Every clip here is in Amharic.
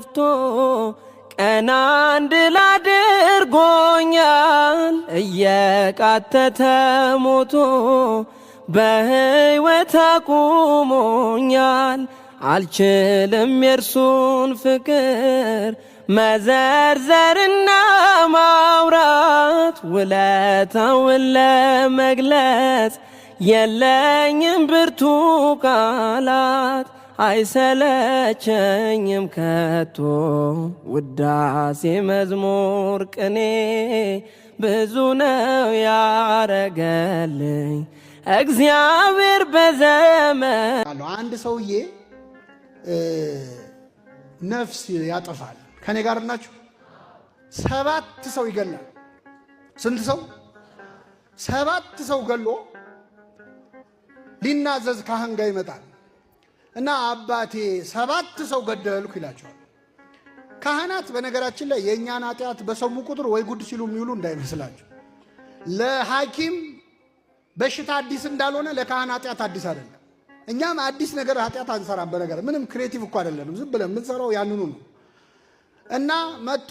ለፍቶ ቀና እንድል አድርጎኛል። እየቃተተ ሞቶ በሕይወት አቁሞኛል። አልችልም የእርሱን ፍቅር መዘርዘርና ማውራት ውለታውን ለመግለጽ የለኝም ብርቱ ቃላት አይሰለቸኝም ከቶ ውዳሴ መዝሙር ቅኔ ብዙ ነው ያረገልኝ እግዚአብሔር በዘመን አንድ ሰውዬ ነፍስ ያጠፋል። ከኔ ጋር ናችሁ? ሰባት ሰው ይገላል። ስንት ሰው? ሰባት ሰው ገሎ ሊናዘዝ ካህን ጋር ይመጣል። እና አባቴ ሰባት ሰው ገደልኩ ይላቸዋል። ካህናት በነገራችን ላይ የእኛን ኃጢአት በሰሙ ቁጥር ወይ ጉድ ሲሉ የሚውሉ እንዳይመስላቸው። ለሐኪም በሽታ አዲስ እንዳልሆነ ለካህን ኃጢአት አዲስ አይደለም። እኛም አዲስ ነገር ኃጢአት አንሰራም። በነገር ምንም ክሬቲቭ እኮ አይደለንም። ዝም ብለን የምንሰራው ያንኑ ነው። እና መጥቶ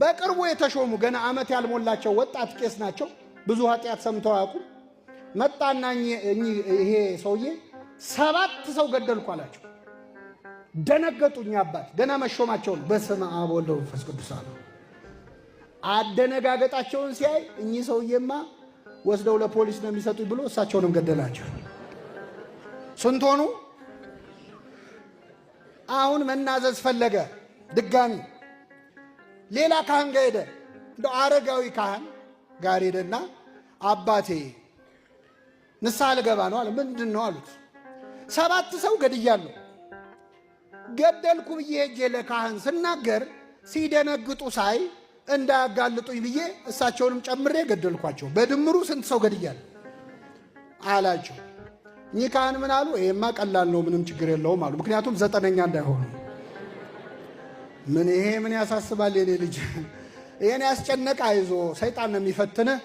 በቅርቡ የተሾሙ ገና ዓመት ያልሞላቸው ወጣት ቄስ ናቸው። ብዙ ኃጢአት ሰምተው አያውቁም። መጣና ይሄ ሰውዬ ሰባት ሰው ገደልኩ አላቸው። ደነገጡኝ። አባት ገና መሾማቸውን በስመ አብ ወወልድ ወመንፈስ ቅዱስ አሉ። አደነጋገጣቸውን ሲያይ እኚህ ሰውዬማ ወስደው ለፖሊስ ነው የሚሰጡኝ ብሎ እሳቸውንም ገደላቸው። ስንት ሆኑ? አሁን መናዘዝ ፈለገ። ድጋሚ ሌላ ካህን ጋር ሄደ። እንደ አረጋዊ ካህን ጋር ሄደና አባቴ ንስሐ ልገባ ነው አለ። ምንድን ነው አሉት። ሰባት ሰው ገድያለሁ። ገደልኩ ብዬ ሄጄ ለካህን ስናገር ሲደነግጡ ሳይ እንዳያጋልጡኝ ብዬ እሳቸውንም ጨምሬ ገደልኳቸው። በድምሩ ስንት ሰው ገድያለሁ አላቸው። እኚህ ካህን ምን አሉ? ይሄማ ቀላል ነው፣ ምንም ችግር የለውም አሉ። ምክንያቱም ዘጠነኛ እንዳይሆኑ ምን ይሄ ምን ያሳስባል? የኔ ልጅ ይሄን ያስጨነቀ አይዞ ሰይጣን ነው የሚፈትንህ።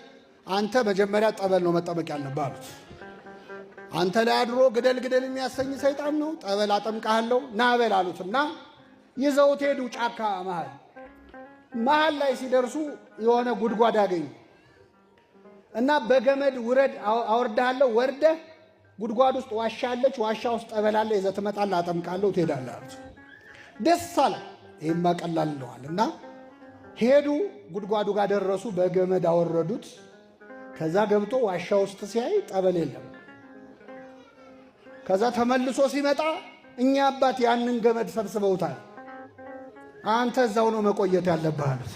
አንተ መጀመሪያ ጠበል ነው መጠበቅ ያለብህ አሉት። አንተ ላይ አድሮ ግደል ግደል የሚያሰኝ ሰይጣን ነው። ጠበላ አጠምቃሃለሁ ና በል አሉትና ይዘውት ሄዱ ጫካ መሃል። መሃል ላይ ሲደርሱ የሆነ ጉድጓድ አገኙ እና በገመድ ውረድ አወርድሃለሁ፣ ወርደህ ጉድጓድ ውስጥ ዋሻ አለች፣ ዋሻ ውስጥ ጠበላለህ፣ ይዘህ ትመጣለህ፣ አጠምቃለሁ፣ ትሄዳለህ አሉት። ደስ አለ። ይህማ ቀላል ነዋል እና ሄዱ ጉድጓዱ ጋር ደረሱ። በገመድ አወረዱት። ከዛ ገብቶ ዋሻ ውስጥ ሲያይ ጠበል የለም። ከዛ ተመልሶ ሲመጣ እኛ አባት ያንን ገመድ ሰብስበውታል። አንተ እዛው ነው መቆየት ያለብህ አሉት።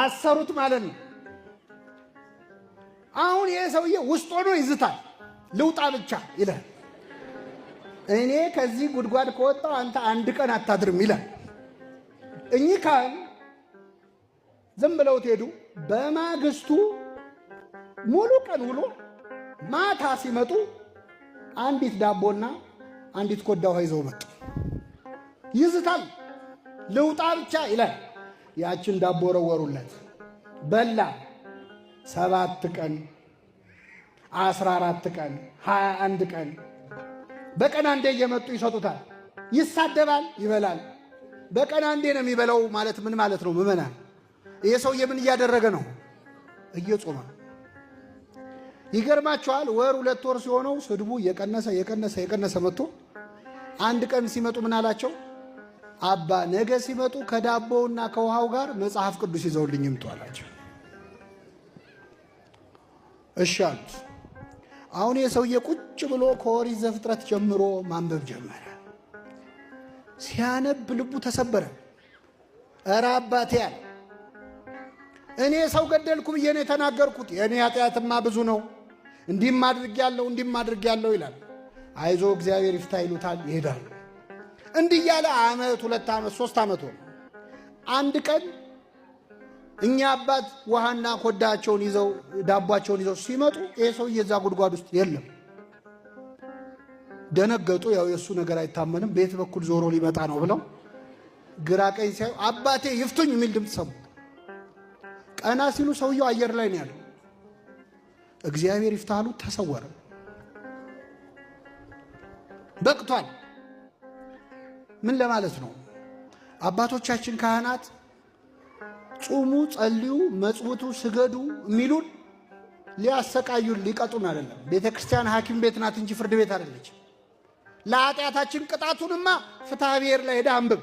አሰሩት ማለት ነው። አሁን ይሄ ሰውዬ ውስጥ ሆኖ ይዝታል። ልውጣ ብቻ ይላል። እኔ ከዚህ ጉድጓድ ከወጣው አንተ አንድ ቀን አታድርም ይላል። እኚህ ካህን ዝም ብለውት ሄዱ። በማግስቱ ሙሉ ቀን ውሎ ማታ ሲመጡ አንዲት ዳቦና አንዲት ኮዳ ውሃ ይዘው መጡ። ይዝታል ልውጣ ብቻ ይላል። ያችን ዳቦ ወረወሩለት። በላ ሰባት ቀን አስራ አራት ቀን ሀያ አንድ ቀን በቀን አንዴ እየመጡ ይሰጡታል። ይሳደባል፣ ይበላል። በቀን አንዴ ነው የሚበላው ማለት ምን ማለት ነው? ምዕመናን ይሄ ሰውዬ ምን እያደረገ ነው? እየጾመ ይገርማቸዋል። ወር ሁለት ወር ሲሆነው ስድቡ የቀነሰ የቀነሰ የቀነሰ መጥቶ አንድ ቀን ሲመጡ ምን አላቸው? አባ ነገ ሲመጡ ከዳቦውና ከውሃው ጋር መጽሐፍ ቅዱስ ይዘውልኝ ይምጡ አላቸው። እሺ አሉት። አሁን የሰውዬ ቁጭ ብሎ ከኦሪት ዘፍጥረት ጀምሮ ማንበብ ጀመረ። ሲያነብ ልቡ ተሰበረ። እረ አባቴ ያለ እኔ ሰው ገደልኩ ብዬ ነው የተናገርኩት። የእኔ ኃጢአትማ ብዙ ነው እንዲህም አድርግ ያለው እንዲህም አድርግ ያለው ይላል። አይዞ እግዚአብሔር ይፍታ ይሉታል፣ ይሄዳል። እንዲህ እያለ ዓመት፣ ሁለት ዓመት፣ ሶስት ዓመት ሆነ። አንድ ቀን እኛ አባት ውሃና ኮዳቸውን ይዘው ዳቧቸውን ይዘው ሲመጡ ይሄ ሰውዬ እዛ ጉድጓድ ውስጥ የለም። ደነገጡ። ያው የእሱ ነገር አይታመንም፣ ቤት በኩል ዞሮ ሊመጣ ነው ብለው ግራ ቀኝ ሲያዩ አባቴ ይፍቱኝ የሚል ድምፅ ሰሙ። ቀና ሲሉ ሰውየው አየር ላይ ነው ያለው። እግዚአብሔር ይፍታሉ ተሰወረ። በቅቷል። ምን ለማለት ነው? አባቶቻችን ካህናት ጹሙ፣ ጸልዩ፣ መጽውቱ፣ ስገዱ የሚሉን ሊያሰቃዩን ሊቀጡን አይደለም። ቤተ ክርስቲያን ሐኪም ቤት ናት እንጂ ፍርድ ቤት አይደለች። ለኃጢአታችን ቅጣቱንማ ፍትሐ ብሔር ላይ ሄደህ አንብብ።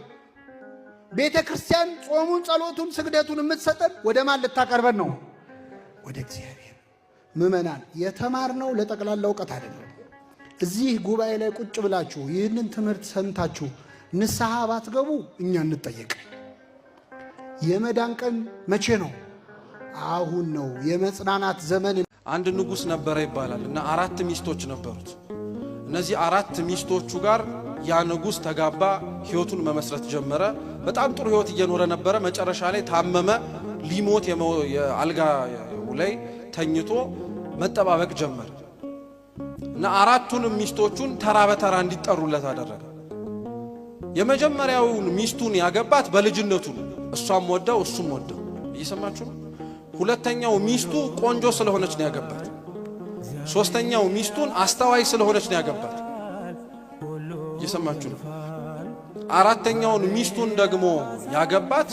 ቤተ ክርስቲያን ጾሙን፣ ጸሎቱን፣ ስግደቱን የምትሰጠን ወደ ማን ልታቀርበን ነው? ወደ እግዚአብሔር ምእመናን የተማርነው ለጠቅላላ እውቀት አይደለም። እዚህ ጉባኤ ላይ ቁጭ ብላችሁ ይህንን ትምህርት ሰምታችሁ ንስሐ ባትገቡ እኛ እንጠየቅ። የመዳን ቀን መቼ ነው? አሁን ነው። የመጽናናት ዘመን። አንድ ንጉሥ ነበረ ይባላል እና አራት ሚስቶች ነበሩት። እነዚህ አራት ሚስቶቹ ጋር ያ ንጉሥ ተጋባ፣ ሕይወቱን መመስረት ጀመረ። በጣም ጥሩ ሕይወት እየኖረ ነበረ። መጨረሻ ላይ ታመመ። ሊሞት አልጋ ላይ ተኝቶ መጠባበቅ ጀመረ እና አራቱንም ሚስቶቹን ተራ በተራ እንዲጠሩለት አደረገ። የመጀመሪያውን ሚስቱን ያገባት በልጅነቱ ነው እሷም ወዳው እሱም ወዳው። እየሰማችሁ ነው። ሁለተኛው ሚስቱ ቆንጆ ስለሆነች ነው ያገባት። ሶስተኛው ሚስቱን አስተዋይ ስለሆነች ነው ያገባት። እየሰማችሁ ነው። አራተኛውን ሚስቱን ደግሞ ያገባት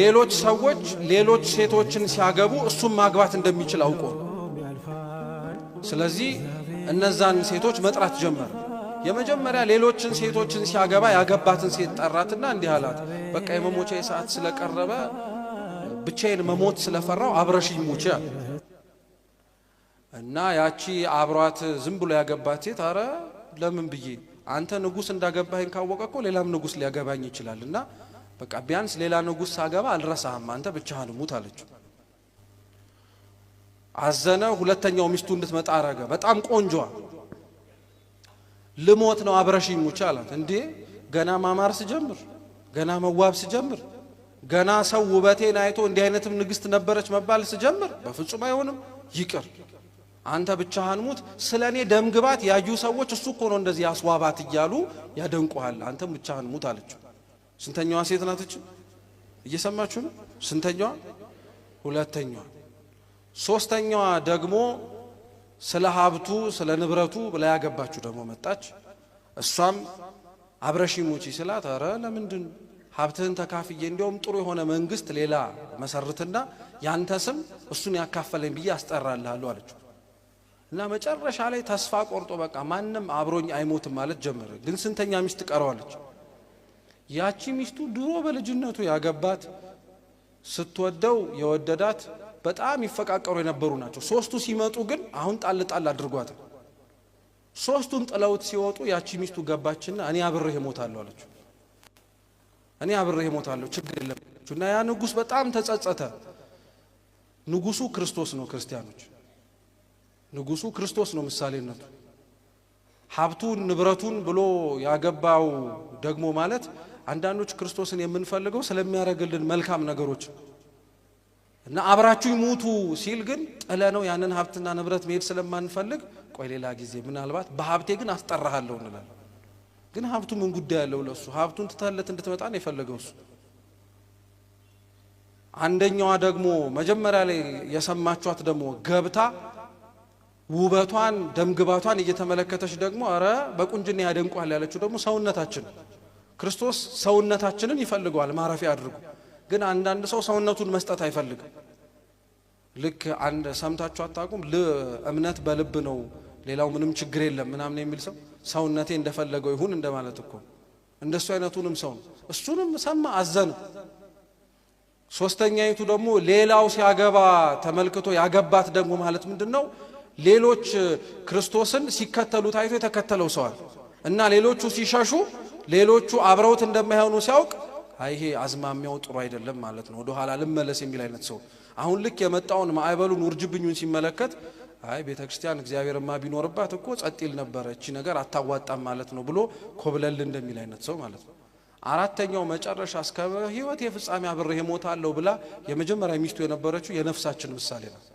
ሌሎች ሰዎች ሌሎች ሴቶችን ሲያገቡ እሱም ማግባት እንደሚችል አውቆ ስለዚህ እነዛን ሴቶች መጥራት ጀመረ። የመጀመሪያ ሌሎችን ሴቶችን ሲያገባ ያገባትን ሴት ጠራትና እንዲህ አላት፣ በቃ የመሞቻ ሰዓት ስለቀረበ ብቻዬን መሞት ስለፈራው አብረሽኝ ሙቼ እና ያቺ አብሯት ዝም ብሎ ያገባት ሴት አረ ለምን ብዬ አንተ ንጉሥ እንዳገባህን ካወቀ እኮ ሌላም ንጉሥ ሊያገባኝ ይችላል እና በቃ ቢያንስ ሌላ ንጉሥ ሳገባ አልረሳህም፣ አንተ ብቻህን ሙት አለችው። አዘነ። ሁለተኛው ሚስቱ እንድትመጣ አረገ። በጣም ቆንጆ ልሞት ነው አብረሽኝ ሙች አላት። እንዴ ገና ማማር ስጀምር፣ ገና መዋብ ስጀምር፣ ገና ሰው ውበቴን አይቶ እንዲህ አይነትም ንግሥት ነበረች መባል ስጀምር፣ በፍጹም አይሆንም፣ ይቅር አንተ ብቻህን ሙት። ስለ እኔ ደምግባት ያዩ ሰዎች እሱ እኮ ነው እንደዚህ አስዋባት እያሉ ያደንቁሃል፣ አንተም ብቻህን ሙት አለችው። ስንተኛዋ ሴት ናትች? እየሰማችሁ ነው? ስንተኛዋ? ሁለተኛዋ። ሶስተኛዋ ደግሞ ስለ ሀብቱ ስለ ንብረቱ ብላ ያገባችሁ ደግሞ መጣች። እሷም አብረሺ ሙቺ ስላት፣ ኧረ ለምንድን ሀብትህን ተካፍዬ እንዲያውም ጥሩ የሆነ መንግስት ሌላ መሰርትና ያንተ ስም እሱን ያካፈለኝ ብዬ አስጠራልሃለሁ አለችው። እና መጨረሻ ላይ ተስፋ ቆርጦ በቃ ማንም አብሮኝ አይሞትም ማለት ጀመረ። ግን ስንተኛ ሚስት ቀረዋለች? ያቺ ሚስቱ ድሮ በልጅነቱ ያገባት ስትወደው የወደዳት በጣም ይፈቃቀሩ የነበሩ ናቸው። ሶስቱ ሲመጡ ግን አሁን ጣል ጣል አድርጓታል። ሶስቱም ጥለውት ሲወጡ ያቺ ሚስቱ ገባችና እኔ አብሬህ እሞታለሁ አለችው። እኔ አብሬህ እሞታለሁ ችግር የለም እና ያ ንጉሥ በጣም ተጸጸተ። ንጉሱ ክርስቶስ ነው። ክርስቲያኖች ንጉሱ ክርስቶስ ነው ምሳሌነቱ። ሀብቱን ንብረቱን ብሎ ያገባው ደግሞ ማለት አንዳንዶች ክርስቶስን የምንፈልገው ስለሚያደርግልን መልካም ነገሮች እና አብራችሁ ይሙቱ ሲል ግን ጥለ ነው ያንን ሀብትና ንብረት መሄድ ስለማንፈልግ ቆይ ሌላ ጊዜ ምናልባት በሀብቴ ግን አስጠራሃለሁ እንላለን። ግን ሀብቱ ምን ጉዳይ ያለው ለሱ? ሀብቱን ትተህለት እንድትመጣ ነው የፈለገው እሱ። አንደኛዋ ደግሞ መጀመሪያ ላይ የሰማችኋት ደግሞ ገብታ ውበቷን ደምግባቷን እየተመለከተች ደግሞ ኧረ በቁንጅና ያደንቋል ያለችው ደግሞ ሰውነታችን ክርስቶስ ሰውነታችንን ይፈልገዋል ማረፊያ አድርጉ። ግን አንዳንድ ሰው ሰውነቱን መስጠት አይፈልግም። ልክ አንድ ሰምታችሁ አታውቁም? እምነት በልብ ነው ሌላው ምንም ችግር የለም ምናምን የሚል ሰው ሰውነቴ እንደፈለገው ይሁን እንደማለት እኮ እንደሱ አይነቱንም ሰው ነው። እሱንም ሰማ አዘነ። ሶስተኛይቱ ደግሞ ሌላው ሲያገባ ተመልክቶ ያገባት ደግሞ ማለት ምንድን ነው? ሌሎች ክርስቶስን ሲከተሉ ታይቶ የተከተለው ሰዋል እና ሌሎቹ ሲሸሹ ሌሎቹ አብረውት እንደማይሆኑ ሲያውቅ ይሄ አዝማሚያው ጥሩ አይደለም ማለት ነው፣ ወደኋላ ልመለስ የሚል አይነት ሰው አሁን ልክ የመጣውን ማዕበሉን ውርጅብኙን ሲመለከት አይ ቤተ ክርስቲያን እግዚአብሔርማ ቢኖርባት እኮ ጸጢል ነበረ፣ እቺ ነገር አታዋጣም ማለት ነው ብሎ ኮብለል እንደሚል አይነት ሰው ማለት ነው። አራተኛው መጨረሻ እስከ ህይወት የፍጻሜ አብሬህ እሞታለሁ ብላ የመጀመሪያ ሚስቱ የነበረችው የነፍሳችን ምሳሌ ነው።